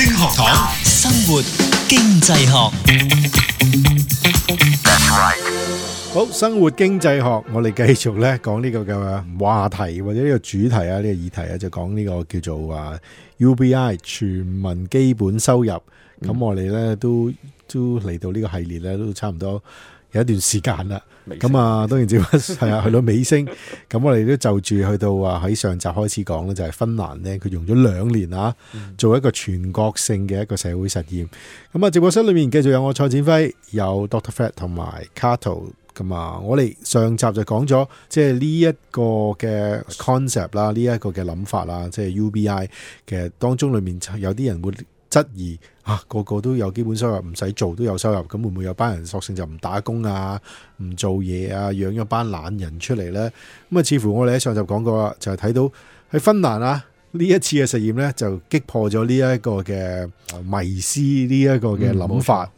財星學堂，生活經濟學。好，生活經濟學，我哋繼續咧講呢講個嘅話題或者呢個主題啊，呢、呢個議題啊，就講呢個叫做啊 UBI 全民基本收入。咁、嗯、我哋咧都都嚟到呢個系列咧，都差唔多。有一段時間啦，咁啊星當然直播係啊去到尾聲，咁我哋都就住去到啊，喺上集開始講咧，就係、是、芬蘭咧，佢用咗兩年啊，做一個全國性嘅一個社會實驗。咁啊、嗯、直播室裏面繼續有我蔡展輝，有 Doctor Fat 同埋 Cato 咁啊。我哋上集就講咗，即係呢一個嘅 concept 啦，呢是一個嘅諗法啦，即、就、係、是、UBI 其實當中裏面有啲人會，質疑啊，個個都有基本收入，唔使做都有收入，咁會唔會有班人索性就唔打工啊，唔做嘢啊，養一班懶人出嚟呢？咁啊，似乎我哋喺上集講過，就係、係、睇到喺芬蘭啊呢一次嘅實驗呢，就擊破咗呢一個嘅迷,、嗯啊、迷思，呢一個嘅諗法，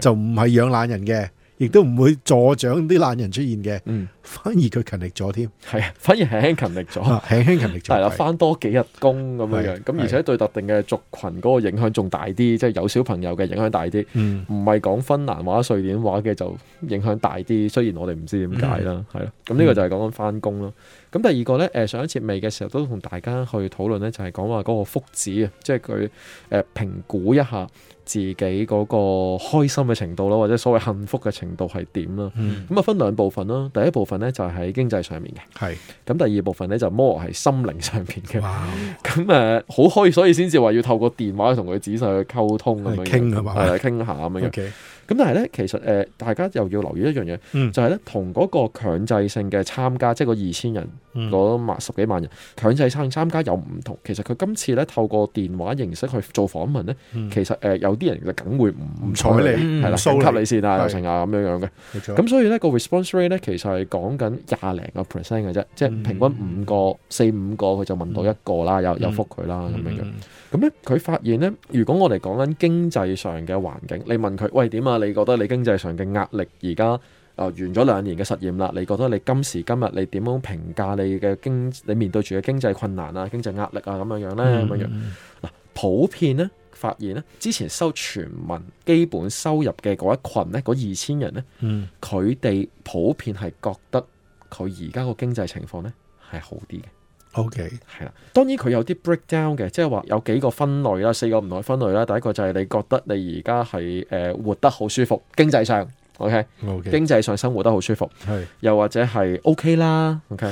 就唔係養懶人嘅。亦都唔會助長啲懶人出現嘅，嗯、反而佢勤力咗添，係啊，反而係輕勤力咗，輕輕勤力咗，係啦， 翻多，多幾日工咁是樣，咁是而且對特定嘅族群嗰個影響仲大啲，即係有小朋友嘅影響大啲，唔係講芬蘭話、瑞典話嘅就影響大啲，雖然我哋唔知點解啦，係咯，咁呢個就係講翻翻工咯。咁第二個咧，誒上一次未嘅時候都同大家去討論咧，就係講話嗰個福祉，啊，即係佢誒評估一下。自己嗰個開心嘅程度咯，或者所謂幸福嘅程度係點啦？咁啊、嗯、分兩部分咯，第一部分咧就喺、是、經濟上面嘅，係咁是第二部分咧就 more、是、係心靈上面嘅。咁誒好虛，所以先至話要透過電話同佢仔細去溝通咁樣傾係嘛，係傾下咁樣。咁但係咧，其實誒、呃、大家又要留意一樣嘢，嗯、就係咧同嗰個強制性嘅參加，即係個二千人。攞、嗯、十幾萬人強制參參加有唔同，其實佢今次咧透過電話形式去做訪問咧，嗯、其實誒、呃、有啲人佢梗會唔睬你係啦，先給你，你先啊，成啊咁樣樣嘅。咁等錯、嗯、所以咧個 response rate 咧其實係講緊廿零個 percent 嘅啫，即係、就是、平均五個四五個佢就問到一個啦，嗯、有又覆佢啦咁樣、嗯、樣。咁咧佢發現咧，如果我哋講緊經濟上嘅環境，你問佢喂點啊？你覺得你經濟上嘅壓力而家？啊、呃，完咗兩年嘅實驗啦，你覺得你今時今日你點樣評價你嘅經？你面對住嘅經濟困難濟壓啊、經濟壓力啊咁樣樣呢？咁、嗯、樣樣。嗱，普遍呢發現呢，之前收全民基本收入嘅嗰一群呢，嗰二千人呢，佢哋、嗯、普遍係覺得佢而家個經濟情況呢係好啲嘅。OK，係啦。當然佢有啲 breakdown 嘅，即係話有幾個分類啦，四個唔同嘅分類啦。第一個就係你覺得你而家係誒活得好舒服，經濟上。OK，經濟上生活得好舒服，又或者係 OK 啦，OK，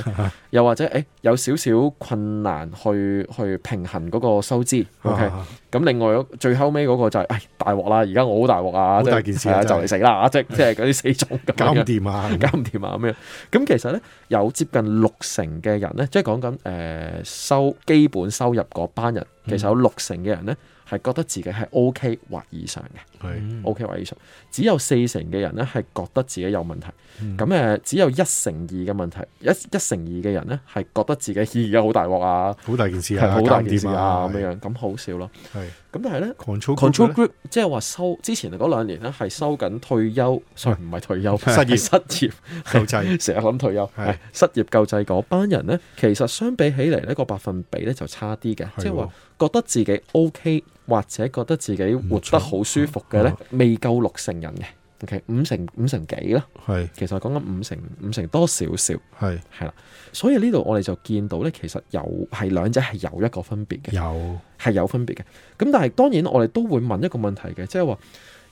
又或者誒有少少困難去去平衡嗰個收支，OK。咁另外最後尾嗰個就係大鑊啦，而家我好大鑊啊，大件事啦，就嚟死啦，即即係嗰啲四種咁。搞唔掂啊，搞唔掂啊咁樣。咁其實呢，有接近六成嘅人呢，即係講緊誒收基本收入嗰班人，其實有六成嘅人呢。係覺得自己係 O K 或以上嘅，係 O K 或以上，只有四成嘅人咧係覺得自己有問題，咁誒、嗯呃，只有一成二嘅問題，一一成二嘅人咧係覺得自己而家好大鑊啊，好大件事啊，好大件事啊咁、啊、樣，咁是好少咯。咁但係咧，control group, Control group 即係話收之前嗰兩年咧係收緊退休，啊、所以唔係退休，失業失業救濟，成日諗退休，係失業救濟嗰班人咧，的其實相比起嚟咧個百分比咧就差啲嘅，即係話覺得自己 OK 或者覺得自己活得好舒服嘅咧，啊啊、未夠六成人嘅。五成五成幾啦，係其實講緊五成五成多少少，係係是是啦，所以呢度我哋就見到咧，其實有係兩者係有一個分別嘅，有係有分別嘅，咁但係當然我哋都會問一個問題嘅，即係話，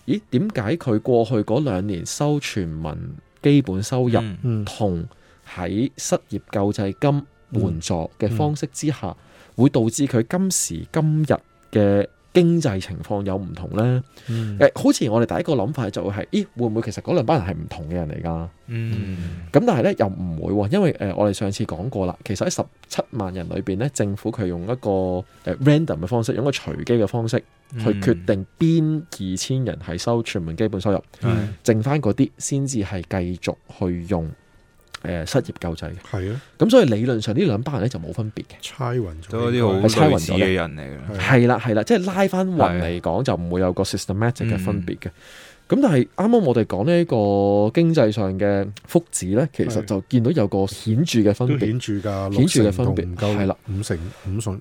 咦點解佢過去嗰兩年收全民基本收入，嗯，同、嗯、喺失業救濟金援助嘅方式之下，嗯嗯、會導致佢今時今日嘅？經濟情況有唔同呢？誒、嗯呃、好似我哋第一個諗法就係、是，咦會唔會其實嗰兩班人係唔同嘅人嚟㗎？咁、嗯嗯、但係呢，又唔會喎，因為誒、呃、我哋上次講過啦，其實喺十七萬人裏邊呢，政府佢用一個誒、呃、random 嘅方式，用一個隨機嘅方式去決定邊二千人係收全民基本收入，嗯、剩翻嗰啲先至係繼續去用。誒，失業救濟嘅，係咯的，咁所以理論上呢兩班人咧就冇分別嘅，都係啲好差嘅人嚟嘅。係啦係啦，即係拉翻勻嚟講就唔會有個 systematic 嘅分別嘅。嗯咁但係啱啱我哋講呢個經濟上嘅福祉咧，其實就見到有個顯著嘅分別，顯著噶，顯著嘅分別，唔夠，係啦，五成五五成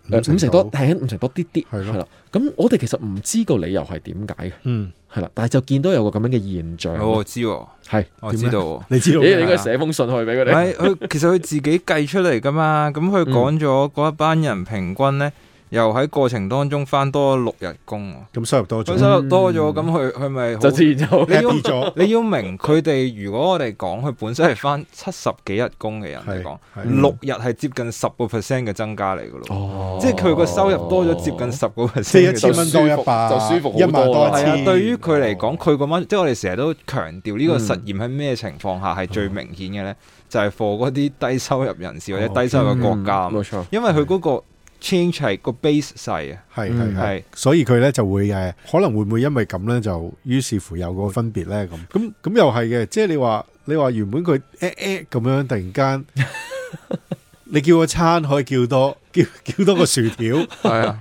多，係五成多啲啲，係啦，咁我哋其實唔知個理由係點解嘅，嗯，係啦，但係就見到有個咁樣嘅現象，我知道，係，我知道，你知道你應該寫封信去俾佢哋，係佢，其實佢自己計出嚟噶嘛，咁佢講咗嗰一班人平均咧。又喺過程當中翻多六日工，咁收入多咗，收入多咗，咁佢佢咪就自然就跌咗。你要明佢哋，如果我哋講佢本身係翻七十幾日工嘅人嚟講，六日係接近十個 percent 嘅增加嚟嘅咯。即係佢個收入多咗接近十個 percent，一千蚊多一百，就舒服好多。係啊，對於佢嚟講，佢嗰蚊，即係我哋成日都強調呢個實驗喺咩情況下係最明顯嘅呢？就係 for 嗰啲低收入人士或者低收入嘅國家，冇錯，因為佢嗰個。Change 係個 base 細啊，的，係係係，所以佢咧就會誒，的可能會唔會因為咁咧，就於是乎有個分別咧咁，咁咁又係嘅，即係你話你話原本佢誒誒咁樣，突然間。 你叫個餐可以叫多叫叫多個薯條，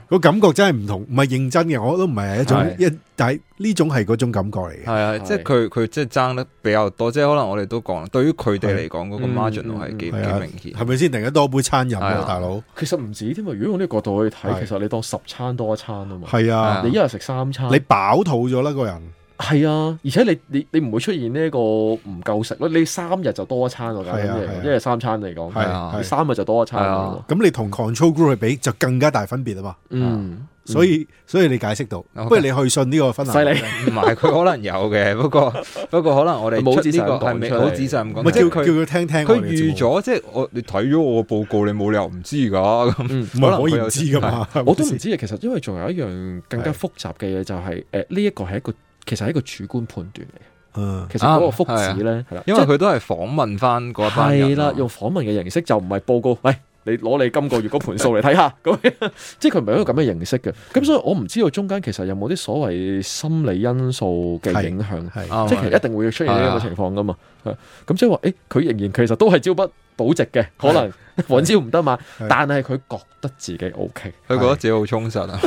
個感覺真係唔同，唔係認真嘅，我都唔係一種一，但係呢種係嗰種感覺嚟嘅。係啊，即係佢佢即係爭得比較多，即係可能我哋都講，對於佢哋嚟講嗰個 margin 都係幾幾明顯，係咪先？突然間多杯餐飲啊，大佬。其實唔止添啊！如果用呢個角度去睇，其實你當十餐多一餐啊嘛。係啊，你一日食三餐，你飽肚咗啦個人。係啊，而且你你你唔會出現呢個唔夠食咯，你三日就多一餐，我梗係一日三餐嚟講，三日就多一餐。咁你同 control group 去比就更加大分別啊嘛。嗯，所以所以你解釋到，不如你去信呢個分析。唔係佢可能有嘅，不過不過可能我哋冇資訊冇資訊講，叫佢叫佢聽聽。佢預咗，即係我你睇咗我個報告，你冇理由唔知噶，咁唔可能唔知噶嘛。我都唔知，其實因為仲有一樣更加複雜嘅嘢就係誒呢一個係一個。其實係一個主觀判斷嚟嘅。嗯、其實嗰個福祉咧，啊、的因為佢都係訪問翻嗰一班人，係啦，用訪問嘅形式就唔係報告，喂、哎，你攞你今個月嗰盤數嚟睇下， 即係佢唔係一個咁嘅形式嘅，咁所以我唔知道中間其實有冇啲所謂心理因素嘅影響，係，啊、即係其實一定會出現呢個情況噶嘛，咁的即係話，誒，佢仍然其實都係招不。保值嘅可能，反正唔得嘛？但係佢覺得自己 OK，佢覺得自己好充實啊！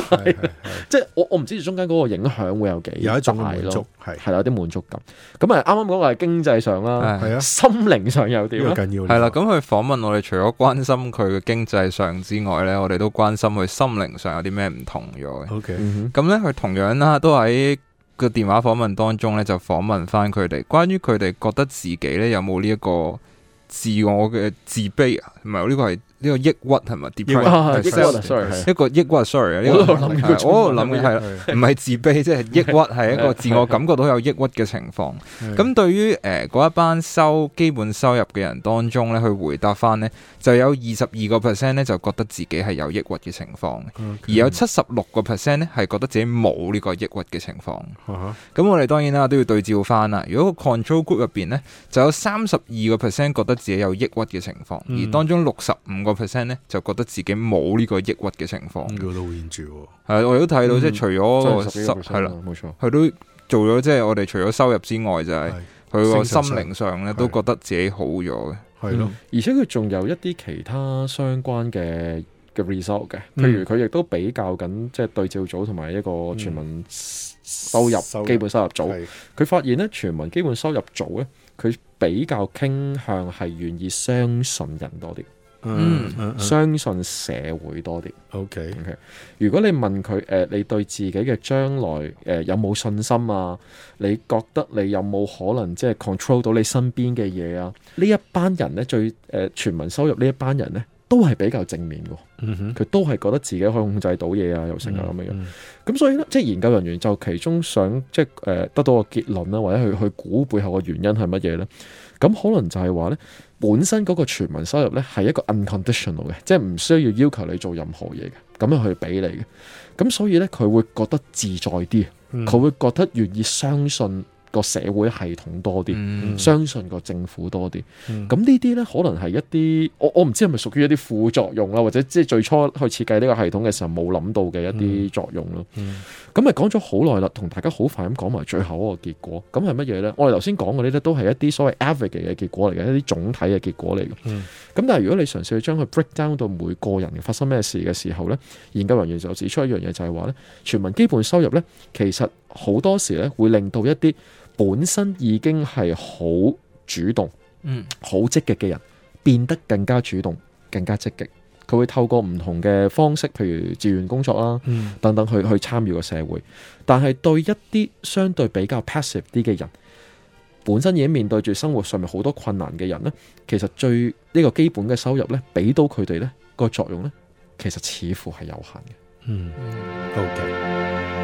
即係我我唔知中間嗰個影響會有幾大，有一種嘅滿足係係有啲滿足感。咁啊，啱啱嗰個係經濟上啦，係啊，心靈上又點咧？係啦，咁佢訪問我哋，除咗關心佢嘅經濟上之外咧，我哋都關心佢心靈上有啲咩唔同咗。OK，咁咧佢同樣啦，都喺個電話訪問當中咧，就訪問翻佢哋關於佢哋覺得自己咧有冇呢一個。自我嘅自卑啊，同埋我呢個係。呢個抑鬱係咪？抑鬱係，一個抑鬱。sorry，呢個我諗嘅，我諗嘅係唔係自卑，即係抑鬱，係 一個自我感覺到有抑鬱嘅情況。咁 對於誒嗰一班收基本收入嘅人當中咧，去回答翻呢，就有二十二個 percent 咧，就覺得自己係有抑鬱嘅情況；而有七十六個 percent 咧，係覺得自己冇呢個抑鬱嘅情況。咁 我哋當然啦都要對照翻啦。如果 control group 入邊呢，就有三十二個 percent 覺得自己有抑鬱嘅情況，而當中六十五個 percent 咧，就覺得自己冇呢個抑鬱嘅情況，佢係、嗯。我亦都睇到，即係除咗係啦，冇錯、嗯，佢的錯都做咗。即、就、係、是、我哋除咗收入之外、就是，就係佢個心靈上咧，的都覺得自己好咗嘅係咯。而且佢仲有一啲其他相關嘅嘅 result 嘅，譬如佢亦都比較緊，即、就、係、是、對照組同埋一個全民收入、嗯、收入基本收入組。佢的發現咧，全民基本收入組咧，佢比較傾向係願意相信人多啲。嗯，相信社會多啲。OK、okay。如果你問佢誒、呃，你對自己嘅將來誒、呃、有冇信心啊？你覺得你有冇可能即係 control 到你身邊嘅嘢啊？一呢一班人咧，最誒全、呃、民收入呢一班人咧。都係比較正面嘅，佢都係覺得自己可以控制到嘢啊，又成啊咁樣樣。咁、嗯嗯、所以咧，即係研究人員就其中想即係誒、呃、得到個結論啦，或者去去估背後嘅原因係乜嘢呢？咁可能就係話呢，本身嗰個全民收入呢係一個 unconditional 嘅，即係唔需要要求你做任何嘢嘅，咁樣去俾你嘅。咁所以呢，佢會覺得自在啲，佢、嗯、會覺得願意相信。個社會系統多啲，嗯、相信個政府多啲。咁呢啲呢，可能係一啲我我唔知係咪屬於一啲副作用啦，或者即係最初去設計呢個系統嘅時候冇諗到嘅一啲作用咯。咁咪、嗯嗯、講咗好耐啦，同大家好快咁講埋最後一個結果。咁係乜嘢呢？我哋頭先講嗰啲咧，都係一啲所謂 average 嘅結果嚟嘅，一啲總體嘅結果嚟嘅。咁、嗯、但係如果你嘗試去將佢 break down 到每個人發生咩事嘅時候呢，研究人員就指出一樣嘢就係話呢，全民基本收入呢，其實好多時呢，會令到一啲。本身已經係好主動、嗯、好積極嘅人，變得更加主動、更加積極。佢會透過唔同嘅方式，譬如自願工作啦，等等去去參與個社會。但係對一啲相對比較 passive 啲嘅人，本身已經面對住生活上面好多困難嘅人呢，其實最呢、呢個基本嘅收入呢，俾到佢哋呢、嗰個作用呢，其實似乎係有限嘅。嗯，O K。Okay.